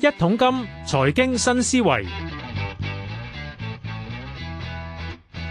一桶金財經新思維，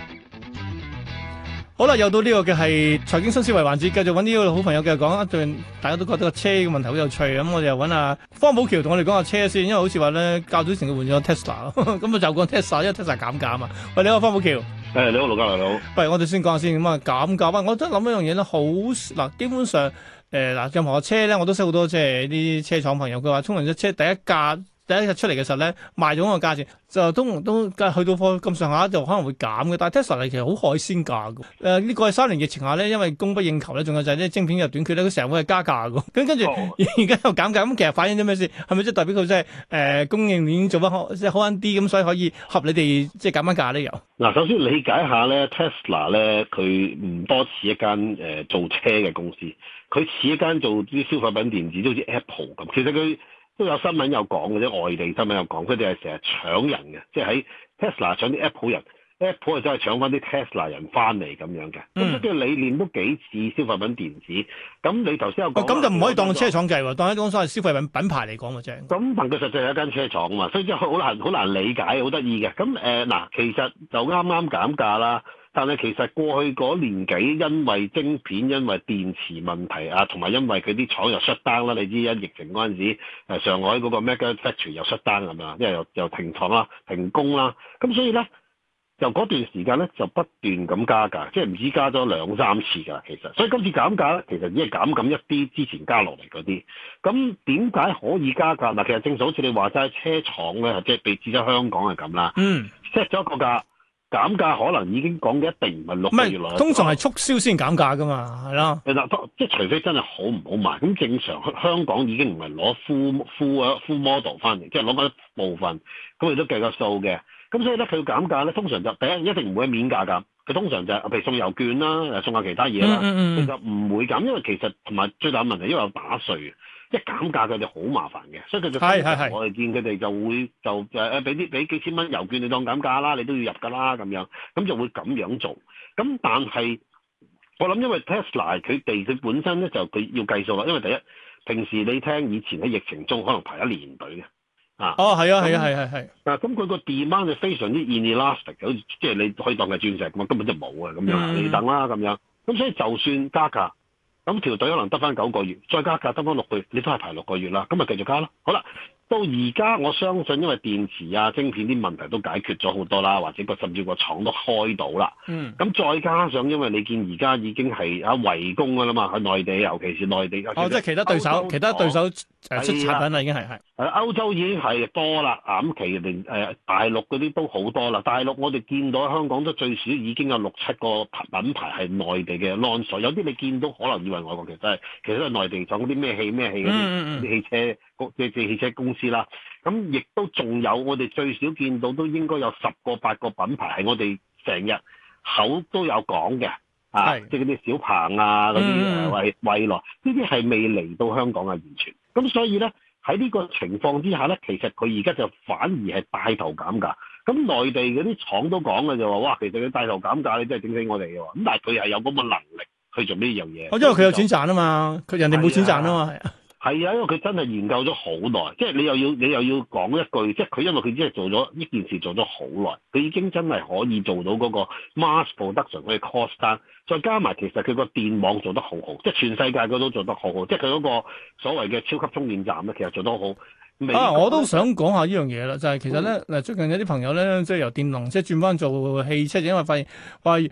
好啦，又到呢個嘅係財經新思維環節，繼續揾呢個好朋友繼續講一段，大家都覺得個車嘅問題好有趣。咁我哋又揾阿方保僑同我哋講下車先，因為好似話咧，教主前日換咗 Tesla 咯， 咁啊就講 Tesla，因為 Tesla 減價啊嘛。喂，你好，方保僑、哎。你好，盧家良好。喂，我哋先講下先，咁啊減價，喂，我覺得諗一樣嘢咧，好嗱，基本上。誒嗱，任何、呃、車咧，我都識好多即係啲車廠朋友，佢話沖涼隻車第一格。第一日出嚟嘅時候咧，賣咗個價錢就都都去到貨咁上下就可能會減嘅。但係 Tesla 其實好海鮮價嘅。誒、呃、呢、這個係三年疫情下咧，因為供不應求咧，仲有就係啲晶片又短缺咧，佢成日會係加價嘅。咁跟住而家又減價，咁其實反映咗咩事？係咪即係代表佢即係誒供應鏈做翻好即係好啱啲，咁所以可以合理哋即係減翻價咧？又嗱、啊，首先理解一下咧，Tesla 咧佢唔多似一間誒、呃、做車嘅公司，佢似一間做啲消費品電子，都好似 Apple 咁。其實佢都有新聞有講嘅啫，外地新聞有講，佢哋係成日搶人嘅，即係喺 Tesla 搶啲 Apple 人 Apple 常常搶人，Apple 就真係搶翻啲 Tesla 人翻嚟咁樣嘅。咁呢個理念都幾似消費品電子。咁你頭先有講，咁、啊、就唔可以當車廠計喎，當一講所謂消費品品牌嚟講嘅啫。咁憑佢實際係一間車廠啊嘛，所以就好難好難理解，好得意嘅。咁嗱、呃，其實就啱啱減價啦。但係其實過去嗰年幾，因為晶片、因為電池問題啊，同埋因為佢啲廠又出單啦，你知因疫情嗰陣時，誒上海嗰個 Mega Factory 又出單咁樣，因為又又停廠啦、停工啦，咁所以咧，就嗰段時間咧就不斷咁加價，即係唔止加咗兩三次㗎，其實，所以今次減價咧，其實只係減緊一啲之前加落嚟嗰啲。咁點解可以加價？嗱，其實正所謂好似你話齋車廠咧，即係被指咗香港係咁啦，set 咗個價。減價可能已經講嘅一定唔係六個月，唔通常係促銷先減價噶嘛，係啦，其實即係除非真係好唔好賣，咁正常香港已經唔係攞 full model 翻嚟，即係攞嗰部分，咁亦都計個數嘅。咁所以咧佢要減價咧，通常就第一一定唔會免價咁，佢通常就係、譬如送油券啦，誒送下其他嘢啦，嗯嗯嗯，其實唔會減，因為其實，同埋最大問題因為有打稅。一減價佢就好麻煩嘅，所以佢就係係係我哋見佢哋就會就誒俾啲俾幾千蚊郵券你當減價啦，你都要入噶啦咁樣，咁就會咁樣做。咁但係我諗，因為 Tesla 佢哋佢本身咧就佢要計數啦，因為第一平時你聽以前喺疫情中可能排一年隊嘅、哦、啊。哦，係啊，係係係係。嗱，咁佢個 demand 就非常之 inelastic，好似即係你可以當係鑽石咁，根本就冇啊。咁樣，你等啦咁樣。咁所以就算加價咁條隊可能得翻九個月，再加價得翻六個月，你都係排六個月啦。咁咪繼續加咯。好啦。到而家，我相信因為電池啊、晶片啲問題都解決咗好多啦，或者個甚至個廠都開到啦。嗯。咁再加上，因為你見而家已經係喺圍攻㗎啦嘛，喺內地，尤其是內地。哦，即係其他對手，洲其他對手、哦呃、出產品啦，啊、已經係係、啊。歐洲已經係多啦，啊、嗯、咁，其實連、呃、大陸嗰啲都好多啦。大陸我哋見到香港都最少已經有六七個品牌係內地嘅 launch 咗有啲你見到可能以為外國其實，其實係其實都係內地廠嗰啲咩汽咩汽嗰啲汽車即係汽車公司。啦，咁亦都仲有，我哋最少見到都應該有十個八個品牌係我哋成日口都有講嘅，是啊，即係嗰啲小鵬啊，嗰啲蔚蔚來，呢啲係未嚟到香港嘅完全。咁所以咧，喺呢個情況之下咧，其實佢而家就反而係帶頭減價。咁內地嗰啲廠都講嘅就話：哇，其實佢帶頭減價，你真係整死我哋嘅喎！咁但係佢又有咁嘅能力去做呢樣嘢。我因為佢有錢賺啊嘛，佢人哋冇錢賺啊嘛。係啊，因為佢真係研究咗好耐，即係你又要你又要講一句，即係佢因為佢真係做咗呢件事做咗好耐，佢已經真係可以做到嗰個 mass production 嗰啲 cost down，再加埋其實佢個電網做得好好，即係全世界佢都做得好好，即係佢嗰個所謂嘅超級充電站咧，其實做得好好。啊，我都想講下呢樣嘢啦，就係、是、其實咧嗱，嗯、最近有啲朋友咧即係由電動車轉翻做汽車，因為發現,發現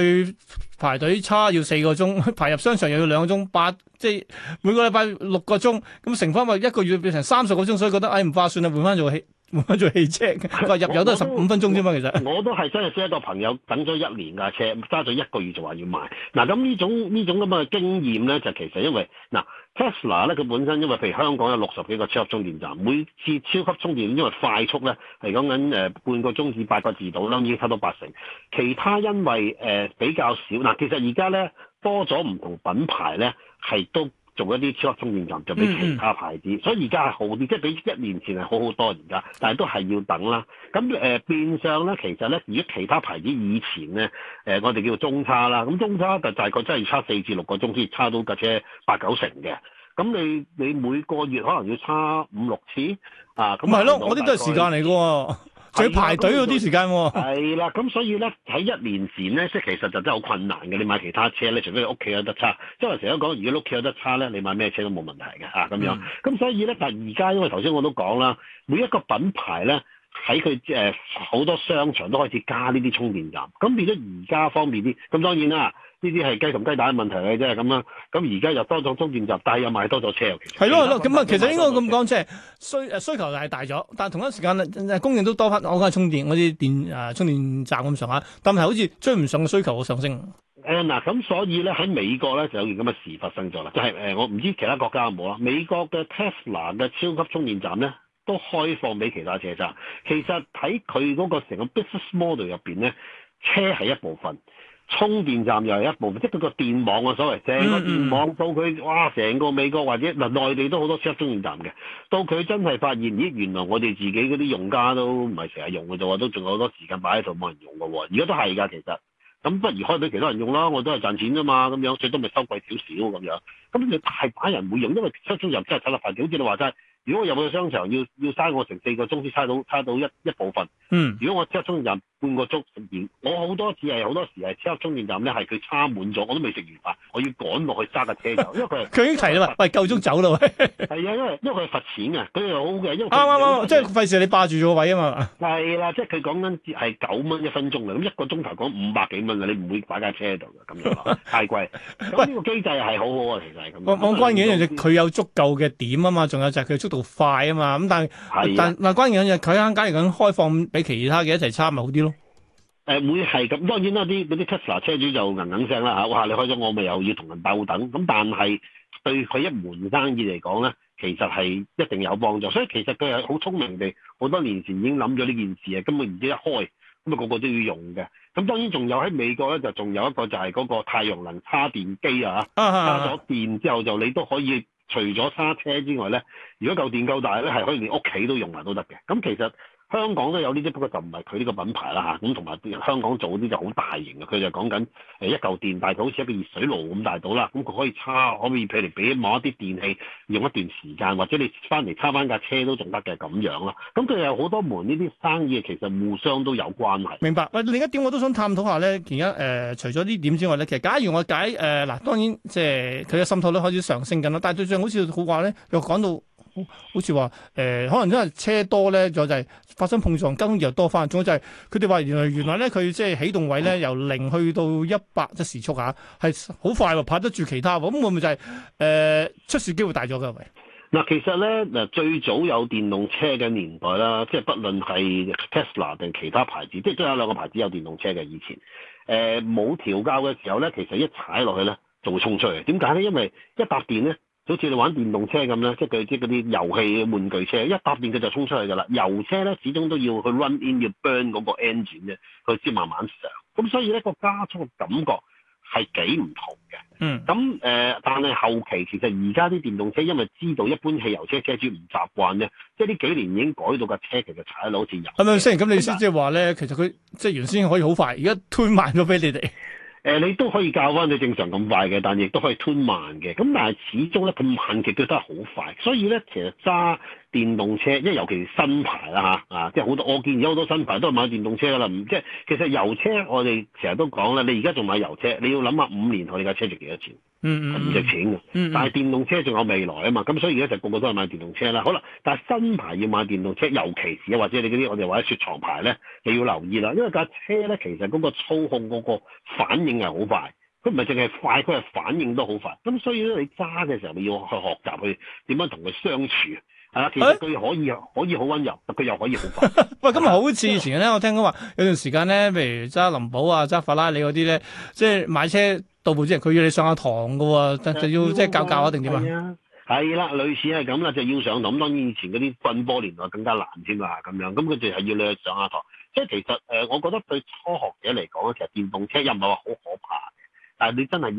去排隊差要四個鐘，排入商場又要兩個鐘，八即每個禮拜六個鐘，咁乘翻咪一個月變成三十個鐘，所以覺得哎唔划算啊，換翻咗去。唔好做汽車，佢話 入油都係十五分鐘啫嘛。其實我，我，我都係真係識一個朋友等咗一年架車，揸咗一個月就話要賣。嗱咁呢種呢種咁嘅經驗咧，就其實因為嗱、啊、Tesla 咧，佢本身因為譬如香港有六十幾個超級充電站，每次超級充電因為快速咧係講緊半個鐘至八個字到啦，已經差唔多八成。其他因為誒、呃、比較少，嗱、啊、其實而家咧多咗唔同品牌咧係都。做一啲超級充電站，就俾其他牌子，嗯、所以而家係好啲，即、就、係、是、比一年前係好好多。而家，但係都係要等啦。咁誒、呃、變相咧，其實咧，如果其他牌子以前咧，誒、呃、我哋叫做中差啦，咁中差，就大概真係要差四至六個鐘先至差到架車八九成嘅。咁你你每個月可能要差五六次啊？咁係咯，我啲都係時間嚟㗎喎。佢排隊嗰啲時間、啊，係啦，咁所以咧，喺一年前咧，即係其實就真係好困難嘅。你買其他車咧，除非你屋企有得差，即係我成日都講，如果屋企有得差咧，你買咩車都冇問題嘅嚇咁樣。咁、嗯、所以咧，但係而家因為頭先我都講啦，每一個品牌咧。喺佢誒好多商場都開始加呢啲充電站，咁變咗而家方便啲。咁當然啦，呢啲係雞同雞蛋嘅問題嚟啫咁樣，咁而家又多咗充電站，但係又買多咗車。係咯，係咯。咁啊，其實應該咁講，即係需誒需求係大咗，但係同一時間咧誒供應都多翻。我講係充電，我啲電、啊、充電站咁上下，但係好似追唔上嘅需求嘅上升。誒嗱、嗯，咁所以咧喺美國咧就有件咁嘅事發生咗啦。係誒，我唔知其他國家有冇啦。美國嘅 Tesla 嘅超級充電站咧。都開放俾其他車站，其實睇佢嗰個成個 business model 入面咧，車係一部分，充電站又係一部分，即係佢個電網啊，所謂，成個電網到佢哇，成個美國或者嗱內地都好多超充電站嘅，到佢真係發現咦，原來我哋自己嗰啲用家都唔係成日用嘅啫喎，都仲有好多時間擺喺度冇人用嘅喎，而家都係㗎，其實咁不如開俾其他人用啦，我都係賺錢啫嘛，咁樣最多咪收費少少咁樣，咁你大把人會用，因為超充入真係睇落份好似你話齋。如果我入去商場，要要嘥我成四個鐘先叉到叉到一一部分。嗯，如果我一鐘入。半個鐘，我好多次係好多時係超充電站咧，係佢插滿咗，我都未食完飯，我要趕落去揸架車走，因為佢佢已經提啦嘛，喂夠鐘走咯，係啊，因為因為佢係罰錢啊，佢又好嘅，因為啱啱啱，即係費事你霸住咗位啊嘛，係啦，即係佢講緊係九蚊一分鐘啊，咁一個鐘頭講五百幾蚊啊，你唔會擺架車喺度嘅，咁樣咯，太貴。咁呢個機制係好好啊，其實係咁。講講關鍵一樣嘢，佢有足夠嘅點啊嘛，仲有就係佢速度快啊嘛，咁但係但嗱關鍵嘅嘢，佢慳假如咁開放俾其他嘅一齊插咪好啲咯。誒會係咁，當然啦，啲啲 Tesla 車主就銀銀聲啦嚇，哇！你開咗我咪又要同人鬥等，咁但係對佢一門生意嚟講咧，其實係一定有幫助。所以其實佢係好聰明地，好多年前已經諗咗呢件事啊。根本唔知一開，咁、那、啊個個都要用嘅。咁當然仲有喺美國咧，就仲有一個就係嗰個太陽能叉電機啊嚇，叉咗、uh huh。電之後就你都可以除咗叉車之外咧，如果夠電夠大咧，係可以連屋企都用埋都得嘅。咁其實～香港都有呢啲，不過就唔係佢呢個品牌啦嚇。咁同埋香港做啲就好大型嘅，佢就講緊呃一嚿電，大到好似一個熱水爐咁大到啦。咁佢可以插，可唔可以譬如俾某一啲電器用一段時間，或者你翻嚟插翻架車都仲得嘅咁樣啦。咁佢有好多門呢啲生意，其實互相都有關係。明白。喂，另一點我都想探討下咧，而家、呃、除咗呢點之外咧，其實假如我解呃嗱，當然即係佢嘅滲透率開始上升緊啦，但係對象好似好話咧，又講到。好似話誒，可能因為車多咧，就就是、係發生碰撞，交通又多翻。總之係佢哋話，原來原來咧，佢即係起動位咧，由零去到一百即時速吓，係、啊、好快喎，拍得住其他咁，唔咪會會就係、是、誒、呃，出事機會大咗噶。嗱，其實咧，嗱最早有電動車嘅年代啦，即係不論係 Tesla 定其他牌子，即係都有兩個牌子有電動車嘅以前。誒、呃，冇調校嘅時候咧，其實一踩落去咧，就會衝出去。點解咧？因為一百電咧。好似你玩電動車咁啦，即係佢即係嗰啲遊戲玩具車，一搭電佢就衝出去㗎啦。油車咧，始終都要去 run in，要 burn 嗰個 engine 咧，佢先慢慢上。咁所以咧，個加速嘅感覺係幾唔同嘅。嗯。咁誒，但係後期其實而家啲電動車，因為知道一般汽油車車主唔習慣咧，即係呢幾年已經改到架車其實踩得耐好似油。係咪先？咁你意思即係話咧，其實佢即係原先可以好快，而家推慢咗俾你哋。誒、呃、你都可以教翻你正常咁快嘅，但亦都可以拖慢嘅。咁但係始終咧，佢慢極都都係好快。所以咧，其實揸。電動車，因為尤其是新牌啦嚇，啊，啊，即係好多我見有好多新牌都係買電動車噶啦，唔即係其實油車我哋成日都講啦，你而家仲買油車，你要諗下五年後你架車值幾多錢？嗯，唔值錢㗎。嗯，但係電動車仲有未來啊嘛，咁所以而家就個個都係買電動車啦。好啦，但係新牌要買電動車，尤其是或者你嗰啲我哋話啲雪藏牌咧，你要留意啦，因為架車咧其實嗰個操控嗰個反應係好快，佢唔係淨係快，佢係反應都好快。咁所以咧你揸嘅時候你要去學習去點樣同佢相處。係啦，其實佢可以，可以好溫柔，佢又可以快 好怕。喂，咁啊好似以前咧，的我聽講話有段時間咧，譬如揸林寶啊、揸法拉利嗰啲咧，即係買車到步之後，佢要你上下堂噶，但就要的即係教的教一定點啊？係啦，類似係咁啦，就要上堂。咁當然以前嗰啲棍波年代更加難添啊，咁樣咁佢哋係要你去上下堂。即係其實誒、呃，我覺得對初學者嚟講咧，其實電動車又唔係話好可怕嘅，但係你真係要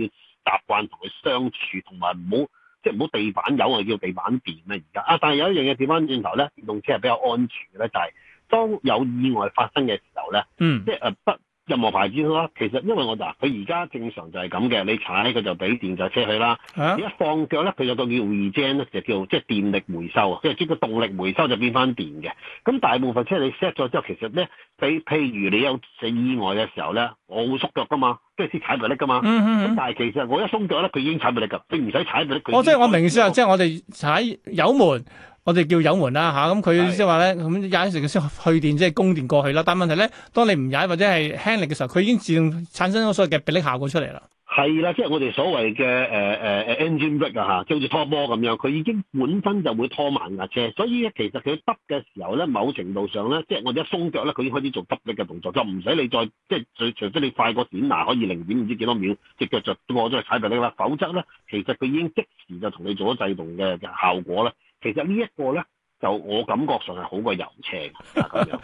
習慣同佢相處，同埋唔好。即係唔好地板油啊，我叫地板電啊！而家啊，但係有一樣嘢調翻轉頭咧，電動車係比較安全嘅咧，就係、是、當有意外發生嘅時候咧，嗯，即係誒、呃、不。任何牌子都好、啊，其實因為我嗱，佢而家正常就係咁嘅，你踩佢就俾電動車去啦。你一、啊、放腳咧，佢有個叫 regen 咧，就叫即係電力回收，即係即個動力回收就變翻電嘅。咁大部分車你 set 咗之後，其實咧，譬譬如你有意外嘅時候咧，我會縮腳噶嘛，即係先踩迫力噶嘛。咁、嗯嗯嗯、但係其實我一鬆腳咧，佢已經踩迫力㗎，你唔使踩迫力。我、哦、即係我明意思啊，即係我哋踩油門。我哋叫有門啦、啊、嚇，咁佢即係話咧，咁踩成嘅先去電，即、就、係、是、供電過去啦。但問題咧，當你唔踩或者係輕力嘅時候，佢已經自動產生咗所謂嘅迫力效果出嚟啦。係啦，即係我哋所謂嘅誒誒誒 engine brake 啊嚇，即好似拖波咁樣，佢已經本身就會拖慢架車。所以咧，其實佢剎嘅時候咧，某程度上咧，即係我哋一鬆腳咧，佢已經開始做剎力嘅動作，就唔使你再即係除非你快過展拿，可以零點唔知幾多秒，隻腳就過咗去踩迫力啦。否則咧，其實佢已經即時就同你做咗制動嘅效果咧。其實呢一個咧，就我感覺上係好過油車咁樣，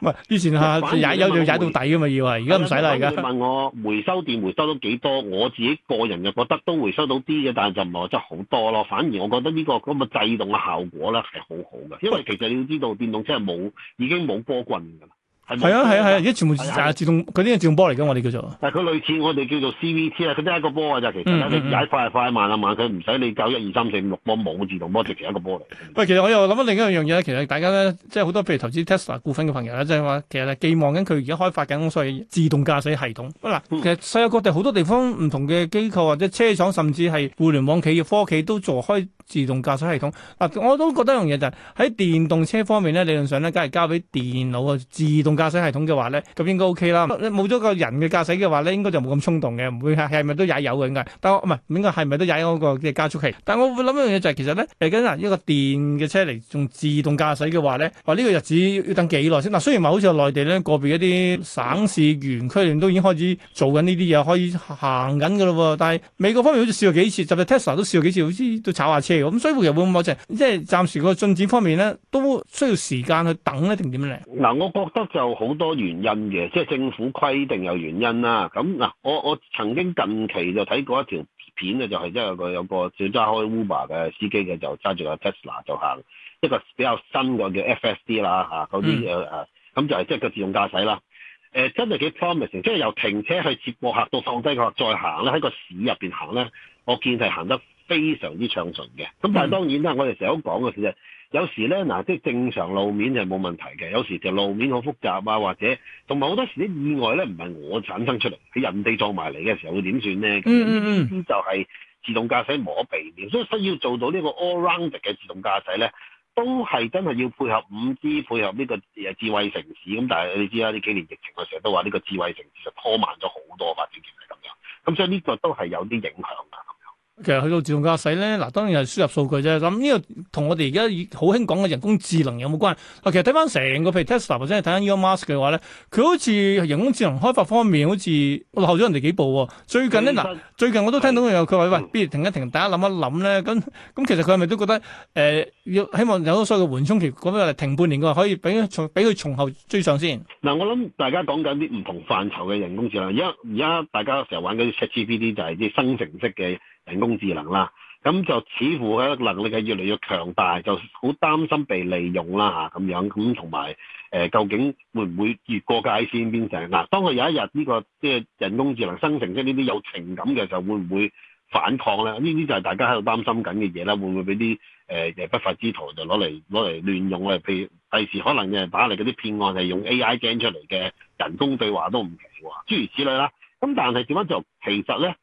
唔係 之前啊是，踩油要踩到底噶嘛要啊，而家唔使啦而家。就是、你問我回收電回收到幾多？ 我自己個人就覺得都回收到啲嘅，但就唔係話真好多咯。反而我覺得呢、這個咁嘅、這個、制動嘅效果咧係好好嘅，因為其實你要知道，電動車係冇已經冇波棍㗎啦。係啊係啊係啊，而家、啊啊、全部就踩自動嗰啲係自動波嚟噶，我哋叫做。但係佢類似我哋叫做 CVT 啊，佢都係一個波啊，就其實你嗯，嗯。踩快係快，快，慢係慢，佢唔使你搞一二三四五六波，冇自動波，直情一個波嚟。喂，其實我又諗翻另一樣嘢咧，其實大家咧，即係好多譬如投資 Tesla 股份嘅朋友咧，即係話其實寄望緊佢而家開發緊嗰所謂自動駕駛系統嗱，嗯、其實世界各地好多地方唔同嘅機構或者車廠，甚至係互聯網企業科企都做開自動駕駛系統嗱、啊，我都覺得一樣嘢就係、是、喺電動車方面咧，理論上咧，梗係交俾電腦嘅自動駕駛系統嘅話咧，咁應該 OK 啦。冇咗個人嘅駕駛嘅話咧，應該就冇咁衝動嘅，唔會係咪都踩油嘅咁噶。但係唔係應該係咪都踩嗰個嘅加速器？但係我會諗一樣嘢就係、是、其實咧嚟緊啊，一個電嘅車嚟仲自動駕駛嘅話咧，話呢個日子要等幾耐先？嗱、啊，雖然話好似內地咧個別一啲省市園區都已經開始做緊呢啲嘢，可以行緊嘅咯，但係美國方面好似試過幾次，甚至 Tesla 都試過幾次，好似都炒下車。咁所以又會唔好就係，即係暫時個進展方面咧，都需要時間去等咧，定點樣咧？嗱，我覺得就好多原因嘅，即係政府規定有原因啦。咁嗱，我我曾經近期就睇過一條片嘅，就係即係個有個小揸開 Uber 嘅司機嘅，就揸住架 Tesla 就行，一個比較新嘅叫 FSD 啦嚇，嗰啲嘢，誒，咁就係即係個自動駕駛啦。誒，真係幾 promising 即係由停車去接駁客到放低客再行咧，喺個市入邊行咧，我見係行得。非常之暢順嘅，咁但係當然啦，我哋成日都講嘅其實，有時咧嗱，即係正常路面就冇問題嘅，有時就路面好複雜啊，或者同埋好多時啲意外咧唔係我產生出嚟，喺人哋撞埋嚟嘅時候會點算咧？嗯嗯嗯，呢啲就係自動駕駛冇可避免，所以需要做到呢個 all round 嘅自動駕駛咧，都係真係要配合五 G，配合呢個誒智慧城市。咁但係你知啦，呢幾年疫情嘅時候都話呢個智慧城市就拖慢咗好多發展，其實咁樣，咁所以呢個都係有啲影響㗎。其實去到自動駕駛咧，嗱當然係輸入數據啫。咁呢個同我哋而家好興講嘅人工智能有冇關？嗱，其實睇翻成個譬如 Tesla 或者係睇翻 Elon Musk 嘅話咧，佢好似人工智能開發方面好似落後咗人哋幾步喎、哦。最近咧，嗱以、啊、最近我都聽到佢話喂，不如停一停，大家諗一諗咧。咁咁其實佢係咪都覺得誒要、呃、希望有所謂嘅緩衝期，咁樣嚟停半年嘅話，可以俾俾佢從後追上先？嗱、嗯，我諗大家講緊啲唔同範疇嘅人工智能，而家而家大家成日玩嗰啲 ChatGPT 就係啲生成式嘅。人工智能啦，咁就似乎佢能力係越嚟越強大，就好擔心被利用啦吓咁樣，咁同埋究竟會唔會越過界線？變成嗱、啊？當佢有一日呢個即係人工智能生成即係呢啲有情感嘅時候，就會唔會反抗咧？呢啲就係大家喺度擔心緊嘅嘢啦，會唔會俾啲誒不法之徒就攞嚟攞嚟亂用啊？譬如第時可能誒打嚟嗰啲騙案係用 AI generate 出嚟嘅人工對話都唔奇怪，諸如此類啦。咁、啊、但係點解就其實咧？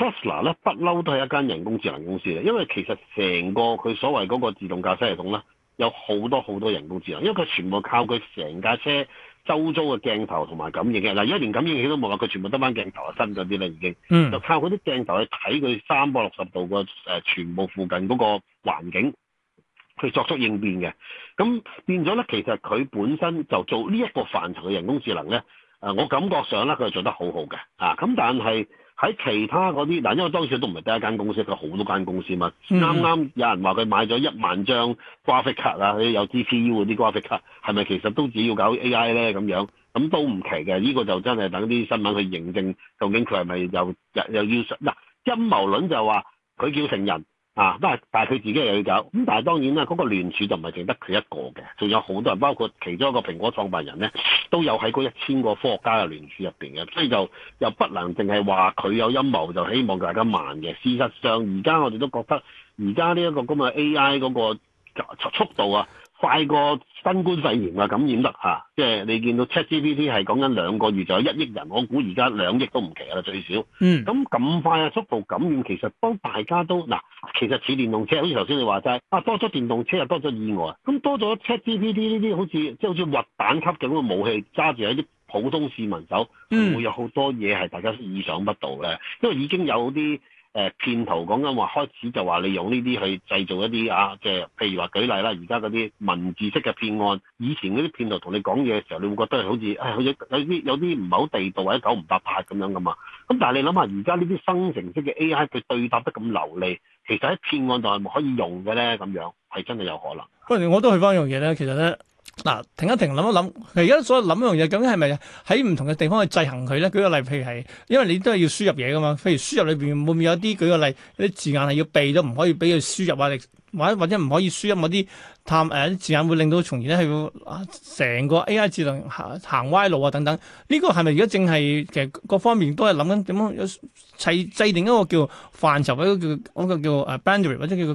Tesla 咧不嬲都係一間人工智能公司嘅，因為其實成個佢所謂嗰個自動駕駛系統咧，有好多好多人工智能，因為佢全部靠佢成架車周遭嘅鏡頭同埋感應嘅嗱，而家連感應器都冇，啦佢全部得翻鏡頭啊，新咗啲啦已經，就靠嗰啲鏡頭去睇佢三百六十度個誒、呃，全部附近嗰個環境，去作出應變嘅，咁變咗咧，其實佢本身就做呢一個範疇嘅人工智能咧，誒，我感覺上咧佢係做得好好嘅，啊，咁但係。喺其他嗰啲，嗱，因為當時都唔係第一間公司，佢好多間公司嘛。啱啱，嗯、有人話佢買咗一萬張 Graphic 卡啊，嗰啲有 GPU 啲 Graphic 卡，係咪其實都只要搞 AI 咧？咁樣，咁都唔奇嘅。呢、這個就真係等啲新聞去認證，究竟佢係咪又又又要？嗱，陰謀論就話佢叫成人。啊！但係但係佢自己又要走，咁但係當然啦，嗰個聯署就唔係淨得佢一個嘅，仲有好多人，包括其中一個蘋果創辦人呢，都有喺嗰一千個科學家嘅聯署入邊嘅，所以就又不能淨係話佢有陰謀就希望大家慢嘅。事實上，而家我哋都覺得，而家呢一個咁嘅 AI 嗰個速度啊。快過新冠肺炎嘅感染得嚇、啊，即係你見到 ChatGPT 係講緊兩個月就有一億人，我估而家兩億都唔奇啦最少。嗯，咁咁快嘅速度感染，其實當大家都嗱、啊，其實似電動車，好似頭先你話齋，啊多咗電動車又多咗意外，咁多咗 ChatGPT 呢啲好似即係好似核彈級咁嘅武器揸住喺啲普通市民手，mm. 會有好多嘢係大家意想不到嘅，因為已經有啲。誒騙徒講緊話，開始就話你用呢啲去製造一啲啊，即係譬如話舉例啦，而家嗰啲文字式嘅騙案，以前嗰啲騙徒同你講嘢嘅時候，你會覺得係好似誒、哎、有啲有啲有啲唔係好地道或者九唔搭八咁樣噶嘛。咁但係你諗下，而家呢啲生成式嘅 A I，佢對答得咁流利，其實喺騙案度係咪可以用嘅咧？咁樣係真係有可能。不如我都去翻一樣嘢咧，其實咧。嗱，停一停，諗一諗，而家所諗呢樣嘢，究竟係咪喺唔同嘅地方去制衡佢咧？舉個例，譬如係，因為你都係要輸入嘢噶嘛，譬如輸入裏邊會唔會有啲？舉個例，有啲字眼係要避都唔可以俾佢輸入啊，或者或者唔可以輸入某啲探誒啲字眼，會令到從而咧係要成個 A.I. 智能行歪路啊等等。呢、這個係咪而家正係其實各方面都係諗緊點樣砌制定一個叫範疇或者叫個叫，叫，叫 boundary 或者叫個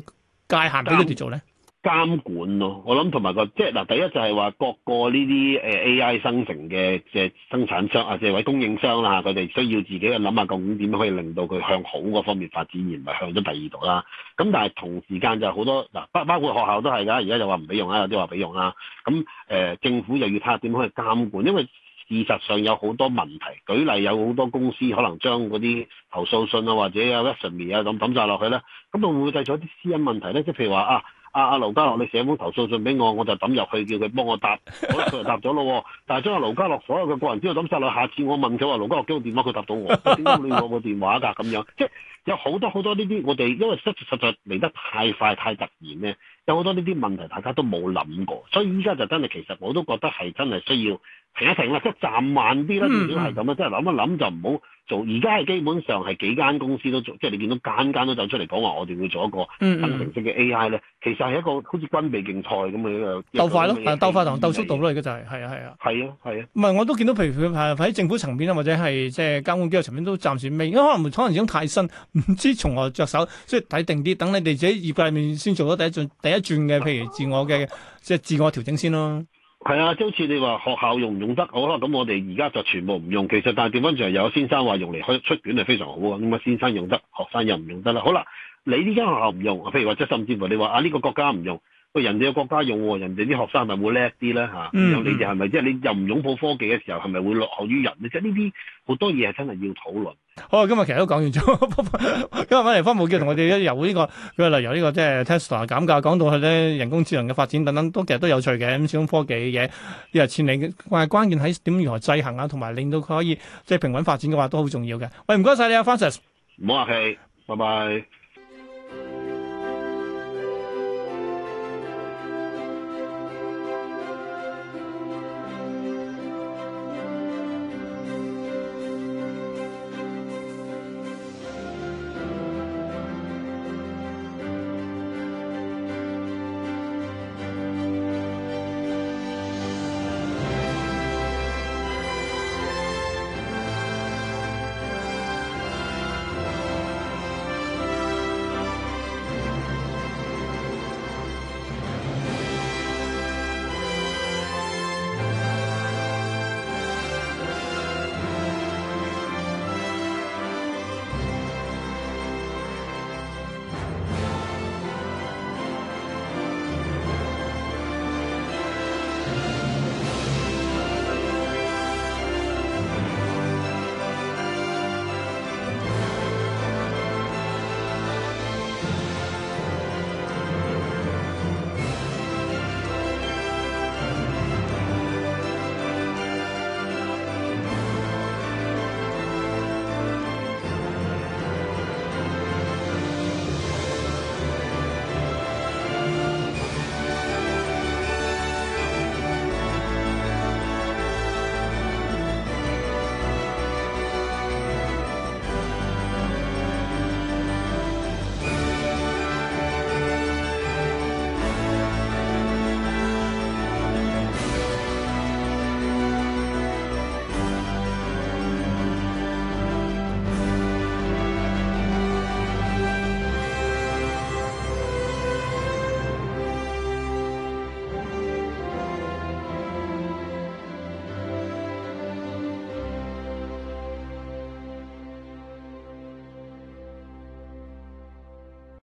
界限俾佢哋做咧？監管咯，我諗同埋個即係嗱，第一就係話各個呢啲誒 A I 生成嘅嘅生產商啊，即係位供應商啦，佢哋需要自己去諗下究竟點可以令到佢向好個方面發展，而唔係向咗第二度啦。咁但係同時間就係好多嗱，包包括學校都係㗎，而家就話唔俾用啦，有啲話俾用啦。咁誒政府又要睇下點樣去監管，因為事實上有好多問題。舉例有好多公司可能將嗰啲投訴信啊，或者有 resume 啊咁抌晒落去啦。咁會唔會製造啲私隱問題咧？即係譬如話啊。啊阿盧家樂，你寫封投訴信俾我，我就抌入去，叫佢幫我答，佢、哦、就答咗咯。但係將阿盧家樂所有嘅個人資料抌晒落，下次我問佢話盧家樂叫我電話，佢答到我點解你要我個電話㗎？咁樣即係有好多好多呢啲，我哋因為實在實在嚟得太快太突然咧。有好多呢啲問題，大家都冇諗過，所以依家就真係其實我都覺得係真係需要停一停啦，即係暫慢啲啦，至少係咁啦，即係諗一諗就唔好做。而家係基本上係幾間公司都做，即係你見到間間都走出嚟講話，我哋要做一個生成式嘅 AI 咧。嗯嗯、其實係一個好似軍備競賽咁嘅一個鬥快咯，啊鬥快同鬥速度咯、就是，而家就係係啊係啊，係啊係啊。唔係我都見到，譬如喺政府層面啊，或者係即係監管機構層面都暫時未，因為可能可能經太新，唔知從何着手，所以睇定啲，等你哋自己業界入面先做到第一進第一。一轉嘅，譬如自我嘅即係自我調整先咯。係啊，即好似你話學校用唔用得好啦？咁我哋而家就全部唔用。其實，但係掉返轉就有先生話用嚟去出卷係非常好啊。咁啊，先生用得，學生又唔用得啦。好啦，你呢間學校唔用，譬如話即甚至乎你話啊呢個國家唔用。人哋嘅國家用，人哋啲學生咪會叻啲咧你哋係咪？即係你又唔擁抱科技嘅時候，係咪會落後於人咧？即係呢啲好多嘢係真係要討論。好啊，今日其實都講完咗。 今日揾嚟方保僑同我哋咧由呢、呢個佢由呢、呢個即係 Tesla 減價講到去咧人工智能嘅發展等等，都其實都有趣嘅咁。始終科技嘅嘢又係千力，關係關鍵喺點如何制衡啊，同埋令到佢可以即係平穩發展嘅話，都好重要嘅。喂，唔該晒你啊，Francis。唔好客氣，拜拜。